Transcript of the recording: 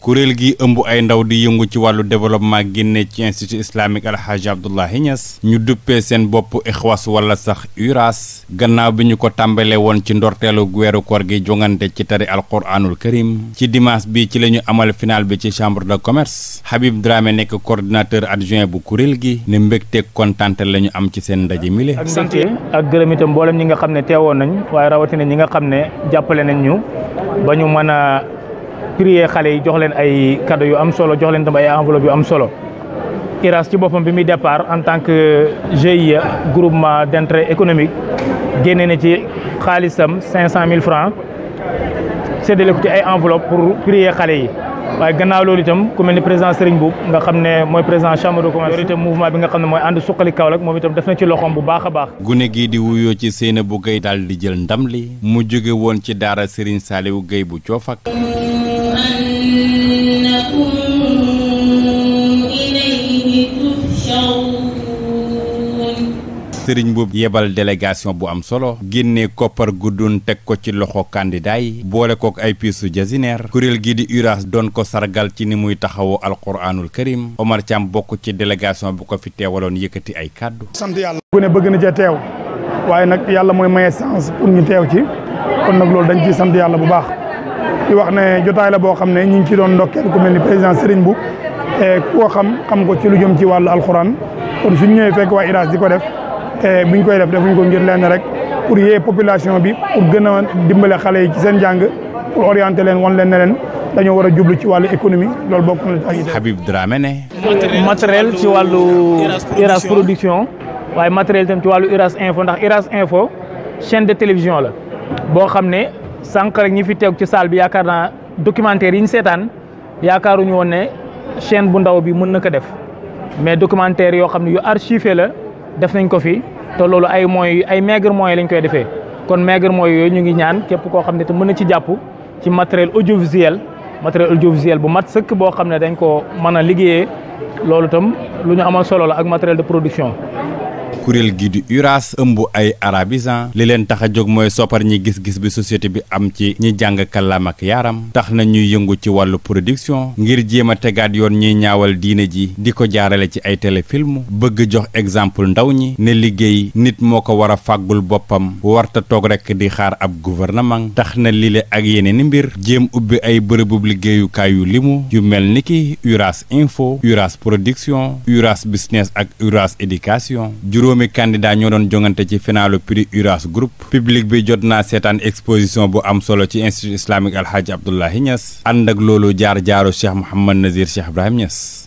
kuréel gi ëmb ay ndaw di yëngu ci wàllu développement génne ci institut islamique alxaaji abdullahi ñas ñu duppee seen bopp ixwas wala sax uras gannaaw bi ñu ko tàmbalee woon ci ndorteelu weeru koor gi jongante ci tari alquraanul karim ci dimanche bi ci la ñu amal final bi ci chambre de commerce habib dramé nekk coordinateur adjoint bu kuréel gi ne mbégte kontante la ñu am ci seen ndaje mile sant ak gërëm itam ñi nga xam ne teewoon nañ waaye rawatina ñi nga xam ne jàppale nañ ñu prier xale yi jox leen ay cadeau yu am solo joxleen leen tam ay enveloppe yu am solo IRAS ci boppam bi muy départ en tant que GIE groupement d'intérêt économique génne na ci xaalisam cinq cent mille francs séddale ko ci ay enveloppe pour prier xale yi waaye gannaaw loolu itam ku mel ni président Serigne Boub nga xam ne mooy président chambre de commerce loolu itam bi nga xam ne mooy ànd suqali rek moom itam def na ci loxoom bu baax a baax. gune gii di wuyoo ci Seynabou Gueye daal di jël ndam li mu jóge woon ci daara Serigne Saliou Gueye bu Coofak. sëriñ boobu yebal délégation bu am solo génnee koppar guddun teg ko ci loxo candidat yi boole kook ay piisu jasineer kuréel gii di uras doon ko sargal ci ni muy taxawoo alquranul karim Omar bokk ci délégation bu ko fi teewaloon yëkkati ay kàddu sant yàlla gune bëgg na cee teew waaye nag yàlla mooy maye chance pour ñu teew ci kon nag loolu dañ ciy sant yàlla bu baax di wax ne jotaay la boo xam ne ñu ngi ci doon ndokkeel ku mel ni président Serigne Mboup koo xam xam ko ci lu jëm ci wàllu alxuraan kon suñ ñëwee fekk waa IRAS di ko def buñ koy def defuñ ko ngir lenn rek pour yee population bi pour gën a dimbale xale yi ci seen jàng pour orienter leen wan leen ne leen dañoo war a jublu ci wàllu économie loolu bokk na tax yi Habib Dramé ne matériel ci wàllu IRAS production waaye matériel tam ci wàllu IRAS info ndax IRAS info chaîne de télévision la boo xam ne sànq rek ñi fi teew ci saal bi yaakaar naa documentaire yi ñu seetaan yaakaaruñu woon ne chaîne bu ndaw bi mën na ko def mais documentaire yoo xam ne yu archivé la def nañ ko fi te loolu ay moyens ay maigre moyens lañ koy defee kon maigre mooy yooyu ñu ngi ñaan képp koo xam ne te mën na ci jàpp ci matériel au audiovisuel matériel audiovisuel bu mat sëkk boo xam ne dañ ko mën a liggéeyee loolu itam lu ñu amal solo la ak matériel de production kuréel gi di URAS ëmb ay arabisant li leen tax a jóg mooy soppar ñi gis-gis bi société bi am ci ñi jàng kàllaam ak yaaram tax na ñuy yëngu ci wàllu production ngir jéem a tegaat yoon ñiy ñaawal diine ji di ko jaarale ci ay téléfilm bëgg jox exemple ndaw ñi ne liggéey nit moo ko war a fàggul boppam warta toog rekk di xaar ab gouvernement tax na lile ak yeneeni mbir jéem ubbi ay bërëbub liggéeyukaay yu limu yu mel ni ki URAS info URAS production URAS business ak URAS éducation juróomi candidat ñoo doon jongante ci finalu prix Uras Group public bi jot na seetaan exposition bu am solo ci institut islamique alxaaji Abdoulahi Niass ànd ak loolu jaar jaaru Cheikh Mouhamad Nazir Cheikh Ibrahim Niass